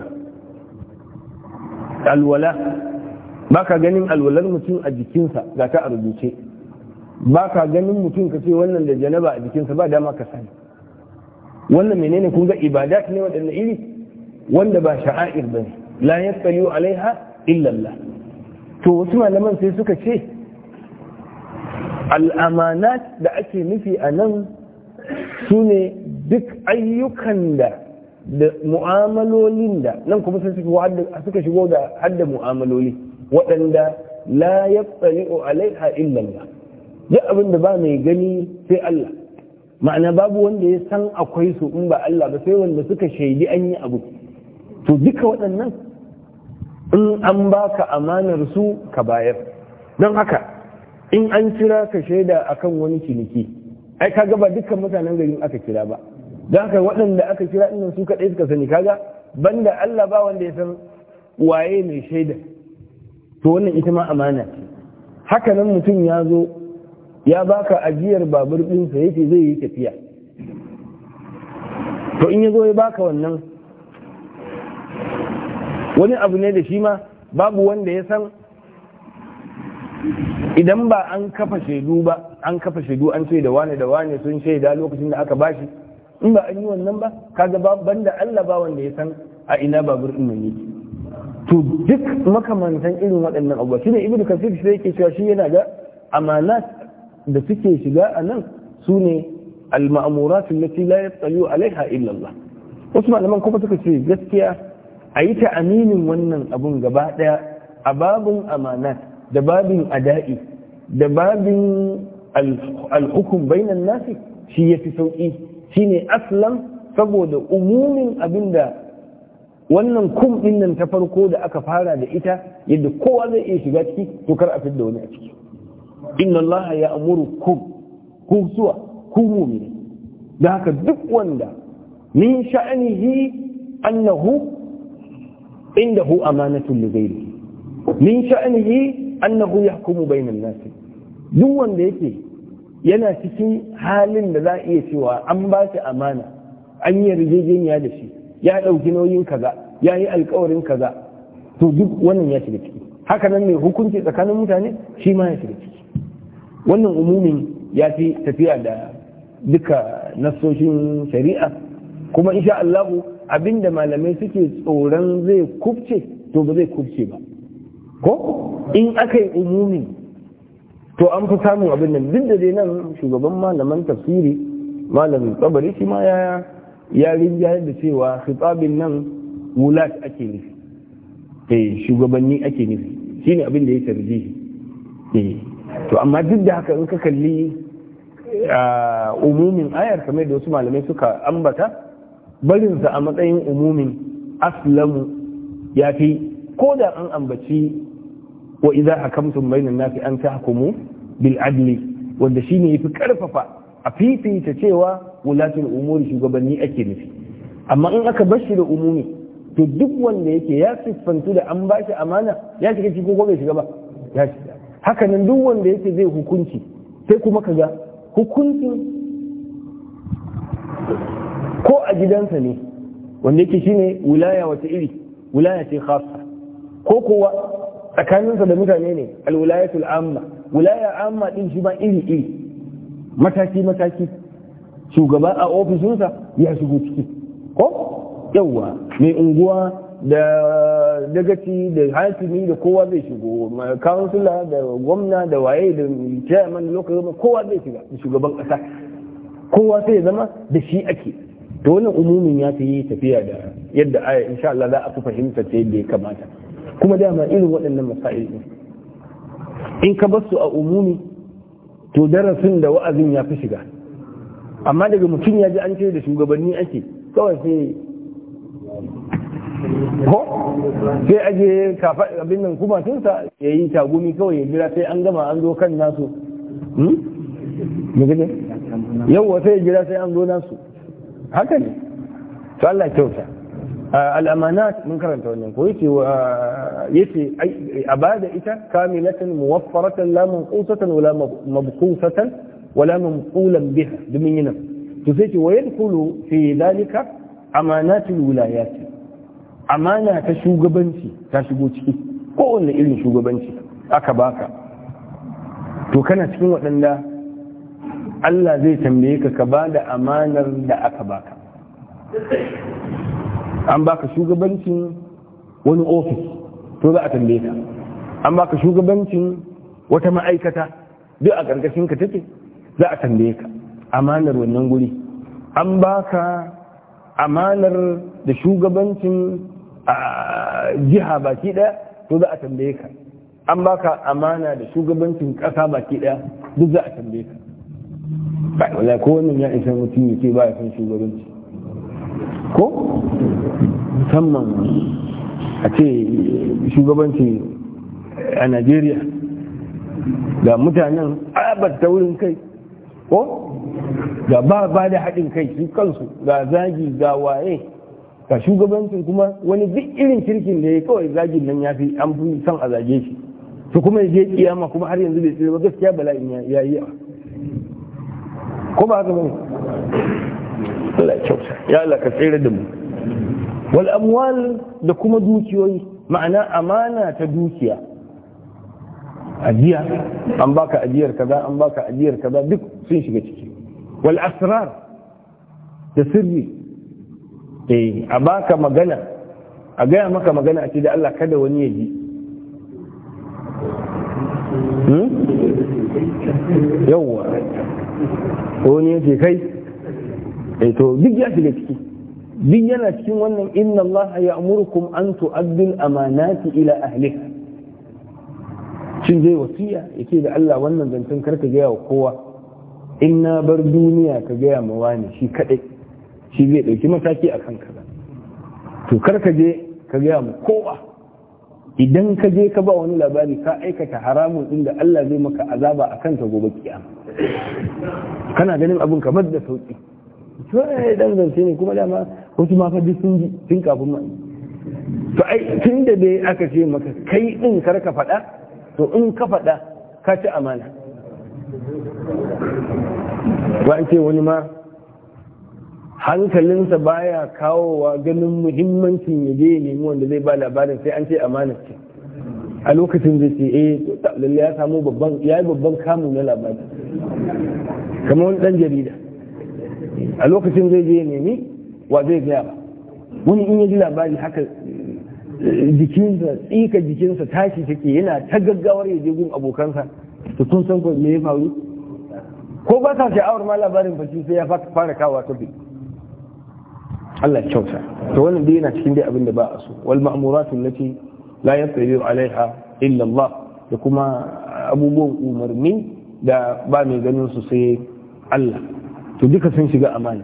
alwala ba ka ganin alwalar mutum a jikinsa ga ta a rubuce ba ganin mutum ka ce wannan da janaba a jikinsa ba dama ka sani wannan menene kun ga ibadat ne waɗanda iri wanda ba sha'air ba ne la yasaliu alaiha illallah to wasu malaman sai suka ce al'amanat da ake nufi a nan su ne duk ayyukan da da mu'amalolin da nan kuma sun suka shigo da hadda mu'amaloli waɗanda la ya tsari'u alaiha illallah duk abin da ba mai gani sai Allah ma'ana babu wanda ya san akwai su in ba Allah ba sai wanda suka shaidi an yi abu to duka waɗannan in an baka amanar su ka bayar don haka in an kira ka shaida akan wani ciniki ai kaga ba dukkan mutanen garin aka kira ba don haka waɗanda aka kira ɗin su kaɗai suka sani kaga banda Allah ba wanda ya san waye mai shaida to wannan ita ma amana ce haka nan mutum ya zo ya baka ajiyar babur ɗinsa yake zai yi tafiya to in ya zo ya baka wannan wani abu ne da shi ma babu wanda ya san idan ba an kafa shaidu ba an kafa shaidu an ce da wane da wane sun shaida lokacin da aka bashi in ba an yi wannan ba kaga ba banda Allah ba wanda ya san a ina babur din ne to duk makamantan irin waɗannan abubuwa shine ibnu kasir sai yake cewa shi yana ga amanat da suke shiga a nan sune al-ma'murat allati la yattali alaiha illa Allah wasu malaman kuma suka ce gaskiya a yi ta aminin wannan abun gaba daya a babun amanat da babin ada'i da babin alhukum bainan nasi shi ya fi sauƙi shi ne aslam saboda umumin abinda wannan kum ɗin nan ta farko da aka fara da ita yadda kowa zai iya shiga ciki to kar a da wani a ciki inna allaha ya amuru kum ku suwa ku mumini da haka duk wanda min sha'anihi annahu indahu amanatun li ghairihi min sha'anihi annahu yahkumu bainan nas duk wanda yake yana cikin halin da za a iya cewa an ba shi amana an yi yarjejeniya da shi ya ɗauki nauyin kaza ya yi alkawarin kaza to duk wannan ya shiga ciki haka nan mai hukunci tsakanin mutane shi ma ya shiga ciki wannan umumin ya fi tafiya da duka nasoshin shari'a kuma insha Allah abinda malamai suke tsoron zai kubce to ba zai kubce ba ko in aka yi umumi to an fi samun abin nan duk da dai nan shugaban malaman tafsiri malamin tsabari shi ma ya ya rinjayar da cewa hitsabin nan wulat ake nufi eh shugabanni ake nufi shine abin da ya tarji eh to amma duk da haka in ka kalli umumin ayar kamar da wasu malamai suka ambata barinsa a matsayin umumin aslamu ya fi ko da an ambaci wa idza hakamtum bainan nasi an tahkumu bil adli wanda shine yafi karfafa a fifita cewa wulatul umuri shugabanni ake nufi amma in aka bar shi da umumi to duk wanda yake ya siffantu da an bashi amana ya shiga cikin ko bai shiga ba ya shiga haka nan duk wanda yake zai hukunci sai kuma kaga hukuncin ko a gidansa ne wanda yake shine wilaya wata iri wilaya ce khassa ko kowa tsakaninsa da mutane ne alwilayatul amma wilaya amma din shi ba iri iri mataki mataki shugaba a ofishinsa ya shigo ciki ko yawwa mai unguwa da dagaci da hakimi da kowa zai shigo kansula da gwamna da waye da chairman government kowa zai shiga da shugaban kasa kowa sai zama da shi ake to wannan umumin ya fi tafiya da yadda aya insha Allah za a fi fahimta ta yadda ya kamata kuma dama irin waɗannan masail in ka basu a umumi to darasin da wa'azin ya fi shiga amma daga mutum ya ji an ce da shugabanni ake kawai sai ko sai aje abin nan kuma tunsa ya yi tagumi kawai ya jira sai an gama an zo kan nasu hmm? yau wasu ya jira sai an zo nasu haka ne to Allah kyauta al'amanat mun karanta wannan ko yace yace a bada ita kamilatan muwaffaratan la manqusatan wala mabqusatan wala mamqulan biha yi nan to sai ce kulu fi dalika ya ce amana ta shugabanci ta shigo ciki kowanne irin shugabanci aka baka to kana cikin waɗanda Allah zai tambaye ka ka ba da amanar da aka baka an baka shugabancin wani ofis to za a tambaye ka an baka shugabancin wata ma'aikata duk a ƙarƙashin ka take za a tambaye ka amanar wannan guri an baka amanar da shugabancin jiha baki ɗaya to za a tambaye ka an baka amana da shugabancin ƙasa baki ɗaya duk za a tambaye ka wala ko wannan ya isa mutum ya ce ba ya san shugabanci ko musamman a ce shugabanci a najeriya ga mutanen ta wurin kai ko ga ba ba da haɗin kai su kansu ga zagi ga waye ga shugabancin kuma wani duk irin kirkin da ya kawai zagin nan ya fi an fi son a zage shi su kuma ya je kiyama kuma har yanzu bai tsira ba gaskiya bala'in ya yi ko ba haka ba Allah kyauta ya Allah ka tsere da mu wal amwal da kuma dukiyoyi ma'ana amana ta dukiya ajiya an baka ajiyar kaza an baka ajiyar kaza duk sun shiga ciki wal asrar da sirri eh a baka magana a gaya maka magana a ce da Allah kada wani ya ji hmm? yawwa wani ya ce kai eh to duk ya shiga ciki duk yana cikin wannan inna Allah ya amurkum an tu'addu amanati ila ahli shin zai wasiya yake da Allah wannan zancen karka gaya wa kowa in bar duniya ka gaya ma wani shi kadai shi zai dauki mataki akan kaza to karka je ka gaya ma kowa idan ka je ka ba wani labari ka aikata haramun inda Allah zai maka azaba a kanka gobe kiyama kana ganin abin kamar da sauki sai eh, dan zance ne kuma dama wasu ma fa sun ji tun kafin ma to ai tun da dai aka ce maka kai din kar ka faɗa to in ka faɗa ka ci amana ba an ce wani ma hankalinsa baya kawowa ganin muhimmancin ya je nemi wanda zai ba labarin sai an ce amana ce a lokacin da ce eh lalle ya samu babban ya yi babban kamu na labari kamar wani dan jarida a lokacin zai je nemi wa zai gaya ba wani in ya ji labari haka jikinsa tsika jikinsa tashi take yana ta gaggawar ya je gun abokansa to sun san ko me ya faru ko ba sa sha'awar ma labarin fashi sai ya fara kawo biyu. Allah kyauta to wannan dai yana cikin dai abin da ba a so wal ma'muratu allati la yasbiru alaiha illa Allah da kuma abubuwan umarni da ba mai ganin su sai Allah to duka sun shiga amana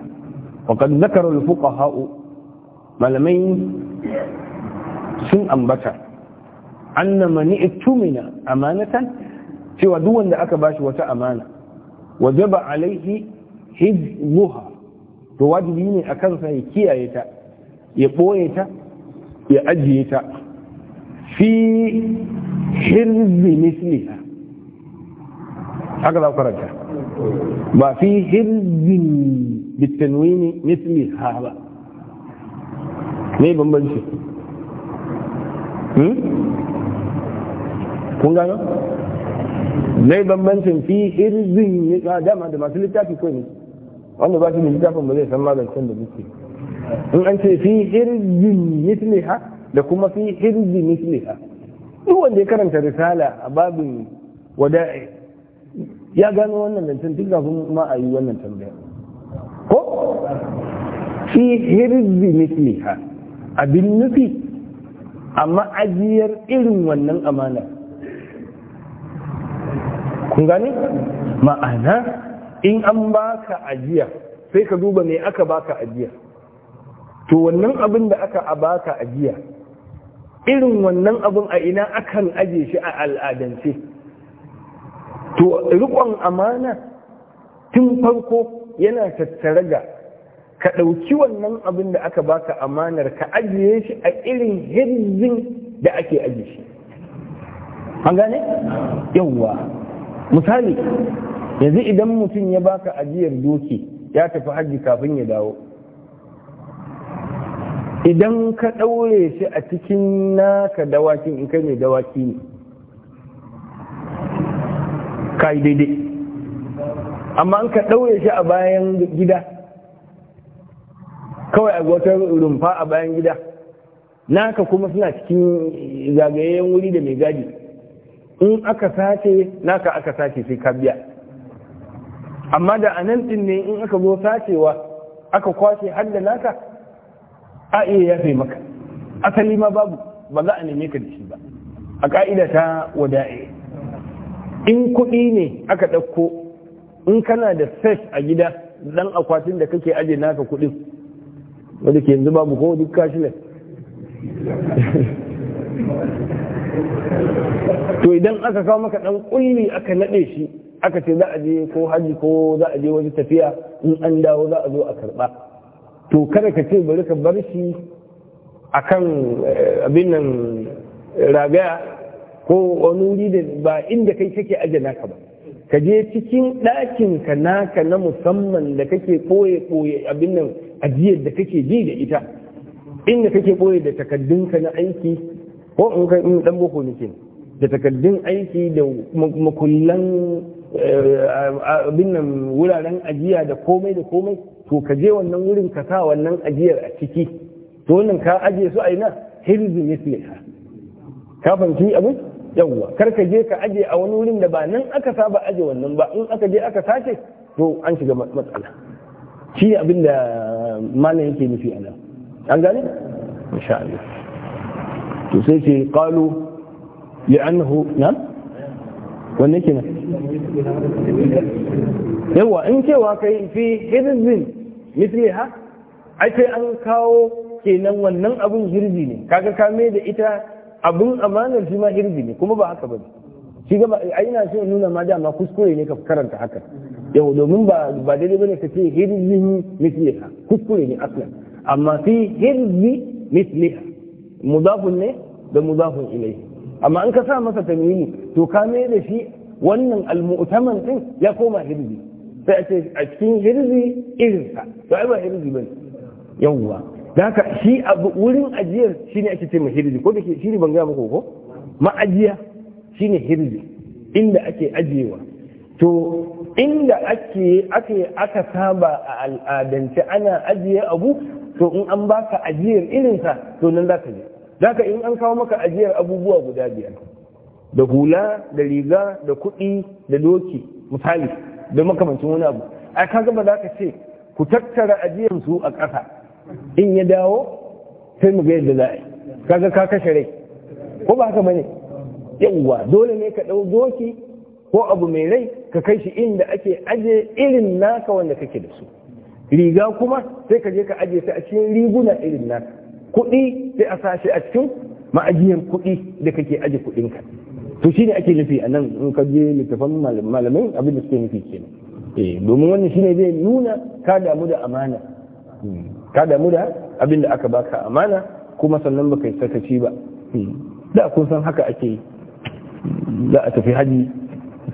wa zakara al fuqaha malamai sun ambata anna man i'tumina amanatan cewa duk wanda aka bashi wata amana wajaba alaihi hizbuha to wajibi ne a kansa ya kiyaye ta ya ɓoye ta ya ajiye ta fi hirzi misliha haka za ku karanta ba fi hirzin bitanwini misli ha ba me bambanci hmm? kun gano mai bambancin fi hirzin ya ah, dama da masu littafi kawai ne wanda ba shi ne littafin ba zai san magancin da muke in an ce fi hirzin misliha da kuma fi hirzi misliha duk wanda ya karanta risala a babin wada'i ya gano wannan zancen tun kafin ma a yi wannan tambaya ko fi hirzi misliha abin nufi a ma'ajiyar irin wannan amana kun gane ma'ana in an baka ajiya sai ka duba me aka baka ajiya to wannan abin da aka baka ajiya irin wannan abin a ina akan aje shi a al'adance to riƙon amana tun farko yana tattare ga ka ɗauki wannan abin da aka baka amanar ka ajiye shi a irin hirzin da ake ajiye shi an gane yawwa misali yanzu idan mutum ya baka ajiyar doki ya tafi hajji kafin ya dawo idan ka ɗaure shi a cikin naka dawakin in kai mai dawaki ne ka daidai amma an ka ɗaure shi a bayan gida kawai a wata rumfa a bayan gida naka kuma suna cikin zagayen wuri da mai gadi in aka sace naka aka sace sai ka biya amma da anan din ne in aka zo sacewa aka kwashe har da naka a iya yafe maka asali ma babu ba za a neme ka da shi ba a ka'ida ta wada'i in kuɗi ne aka ɗauko in kana da fes a gida dan akwatin da kake aje naka kuɗin wadda ke yanzu babu ko duk cashless to idan aka kawo maka ɗan kulli aka naɗe shi aka ce za a je ko haji ko za a je wani tafiya in an dawo za a zo a karɓa. to kada ka ce bari ka bar shi akan eh, abin nan eh, ragaya ko wani wuri da ba inda kai kake aje naka ba ka je cikin ɗakin ka naka na musamman da kake koye koye abin nan ajiyar da kake ji da ita inda kake koye da takaddunka na aiki ko in kai in dan boko nake da takaddun aiki da makullan eh, abin nan wuraren ajiya da komai da komai to ka je wannan wurin ka sa wannan ajiyar a ciki to wannan ka ajiyesu su a ina hirzin misliha ka fanci abin yawwa kar ka je ka aje a wani wurin da ba nan aka saba aje wannan ba in aka je aka sace to an shiga matsala shi abin da malam yake nufi a nan an gane insha Allah to sai ce qalu li'annahu na'am wannan kenan yawa in cewa kai fi hirzin ha ai sai an kawo kenan wannan abin girbi ne kaga ka mai da ita abun amanar shi ma irbi ne kuma ba haka ba ne shi gaba ai na so nuna ma dama kuskure ne ka karanta haka yau domin ba ba daidai bane ka ce hirzin misliha kuskure ne aslan amma fi hirzi misliha mudafun ne da mudafun ilai amma an ka sa masa tamimi to ka mai da shi wannan almu'taman din ya koma hirzi sai a ce a cikin hirzi irinsa to ai ba hirzi bane yawwa da shi abu wurin ajiyar shi ne ake ma hirji ko da ke shi ne ban gaya muku ko ma'ajiya shi ne hirji inda ake ajiyewa to inda ake ake aka saba a al'adance ana ajiye abu to in an baka ajiyar irinsa to nan za ka je za in an kawo maka ajiyar abubuwa guda biyar da hula da riga da kuɗi da doki misali da makamancin wani abu a kaga ba za ka ce ku tattara ajiyar su a ƙasa in ya dawo sai mu ga yadda za a yi kaga ka kashe rai ko ba haka bane yawwa dole ne ka ɗau doki ko abu mai rai ka kai shi inda ake aje irin naka wanda kake da su riga kuma sai ka je ka aje ta a cikin riguna irin naka kuɗi sai a sashi a cikin ma'ajiyar kuɗi da kake aje kuɗinka to shi ne ake nufi a nan in ka je littafan malamai abin da suke nufi kenan eh, domin wannan shine zai nuna ka damu da amana hmm. ka damu da abin da aka baka amana kuma sannan baka yi sakaci ba da kun san haka ake yi za a tafi haji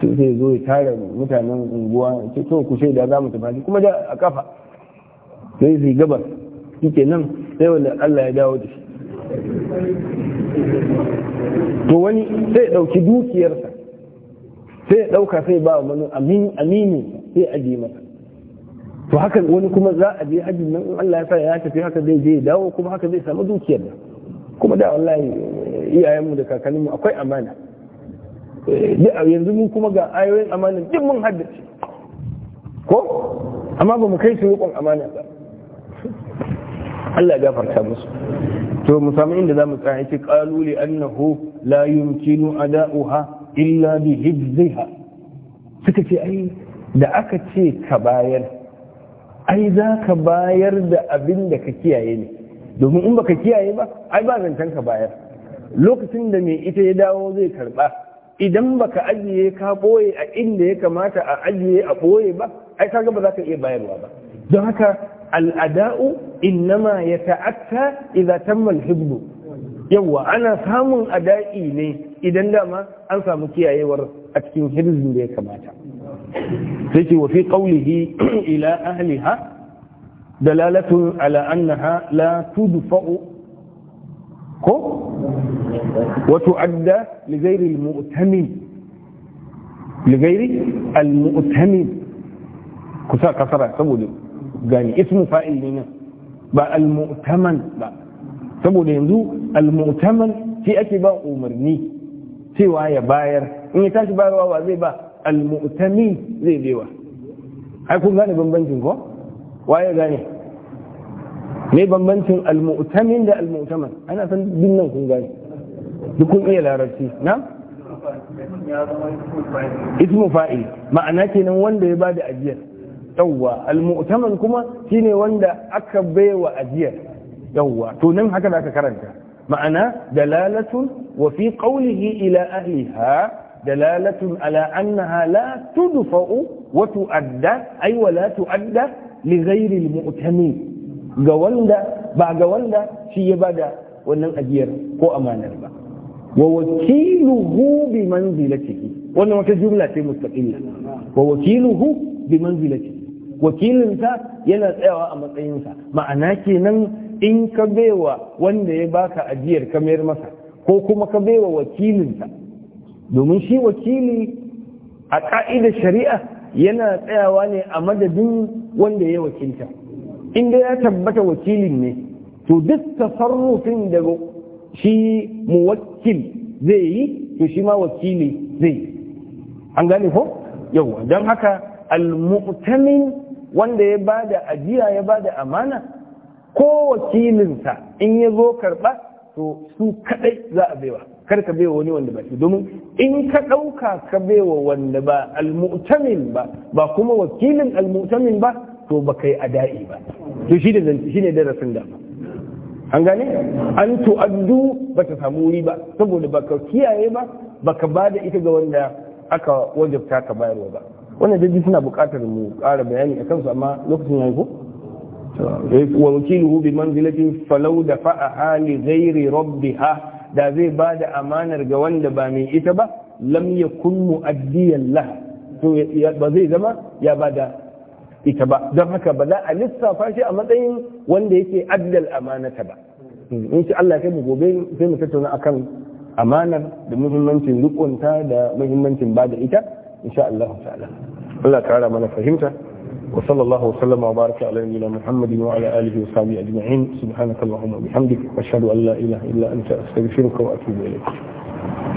sai zo ya tara mutanen unguwa ce to ku shaida za mu tafi haji kuma da a kafa sai zai gabas shike nan sai wanda Allah ya dawo da shi to wani sai ya ɗauki dukiyarsa sai ya ɗauka sai ba manu amini sai ajiye masa to haka wani kuma za a je hajji nan Allah ya sa ya tafi haka zai je dawo kuma haka zai samu dukiyar nan kuma da wallahi eh, mu da kakanninmu akwai amana eh, yanzu mun kuma ga ayoyin amana duk mun haddace ko amma ba mu kai su rukun amana ba Allah ya gafarta musu to mu samu inda zamu tsaya ce qaluli annahu la yumkinu ada'uha illa bi hibziha suka ce ai da aka ce ka bayar ai za ka bayar da abin da ka kiyaye ne domin in baka kiyaye ba ai ba zancen ka bayar lokacin da mai ita ya dawo zai karba idan baka ajiye ka boye a inda ya kamata a ajiye a boye ba ai kaga ba za ka iya bayarwa ba don haka al'ada'u ma ya ta'atta idza tamma al-hibdu yawa ana samun ada'i ne idan dama an samu kiyayewar a cikin hirzin da ya kamata تجي وفي قوله إلى أهلها دلالة على أنها لا تدفأ وتعد لغير المؤتمن لغير المؤتمن كسا كسرى سبولي يعني اسم فائل لنا بقى المؤتمن بقى سبولي ينزو المؤتمن في أكبر أمرني سوايا باير إني تاش باير وواذي بقى al-mu'tami zai bewa ai kun gane bambancin ko waye gane me bambancin al-mu'tamin da al-mu'taman ana san din nan kun gane duk kun iya larabci na ismu fa'il ma'ana kenan wanda ya bada ajiyar yawwa al-mu'taman kuma shine wanda aka baiwa ajiyar yawwa to nan haka zaka karanta ma'ana dalalatun wa fi qawlihi ila ahliha دلالة على أنها لا تدفع وتؤدى أي ولا تؤدى لغير المؤتمن جوالدا با جوالدا شي يبدا wannan ajiyar ko amanar ba wa wakiluhu bi manzilatihi wannan wata jumla ce mustaqilla wa wakiluhu bi manzilatihi wakilinsa yana tsayawa a matsayinsa ma'ana kenan in ka baiwa wanda ya baka ajiyar ka mayar masa ko kuma ka baiwa wakilinsa domin shi wakili a ƙa'idar shari'a yana tsayawa ne a madadin wanda ya wakilta inda ya tabbata wakilin ne to duk tasarrufin da shi muwakil zai yi to shi ma wakili zai yi an gane ko yawa don haka almu'tamin wanda ya ba da ajiya ya ba da amana ko wakilinsa in ya zo karɓa to su kaɗai za a baiwa kar ka baiwa wani wanda ba shi domin in ka ɗauka ka baiwa wanda ba almutamin ba ba kuma wakilin almutamin ba to ba kai ada'i ba to shi da shi ne darasin da an gane an tu'addu ba ta samu wuri ba saboda ba ka kiyaye ba ba ka ba da ita ga wanda aka wajabta ka bayarwa ba wannan dabi suna buƙatar mu ƙara bayani a kansu amma lokacin yi ko ووكيله بمنزلة فلو hali ghairi rabbiha da zai ba da amanar ga wanda ba mai ita ba lam yakun mu'addiyan to ba zai zama ya ba da ita ba don haka ba za a lissafa shi a matsayin wanda yake addal amanata ba in shi Allah kai mu gobe sai mu tattauna akan amanar da muhimmancin rikonta da muhimmancin ba da ita insha Allah ta'ala Allah kara mana fahimta وصلى الله وسلم وبارك على نبينا محمد وعلى اله وصحبه اجمعين سبحانك اللهم وبحمدك اشهد ان لا اله الا انت استغفرك واتوب اليك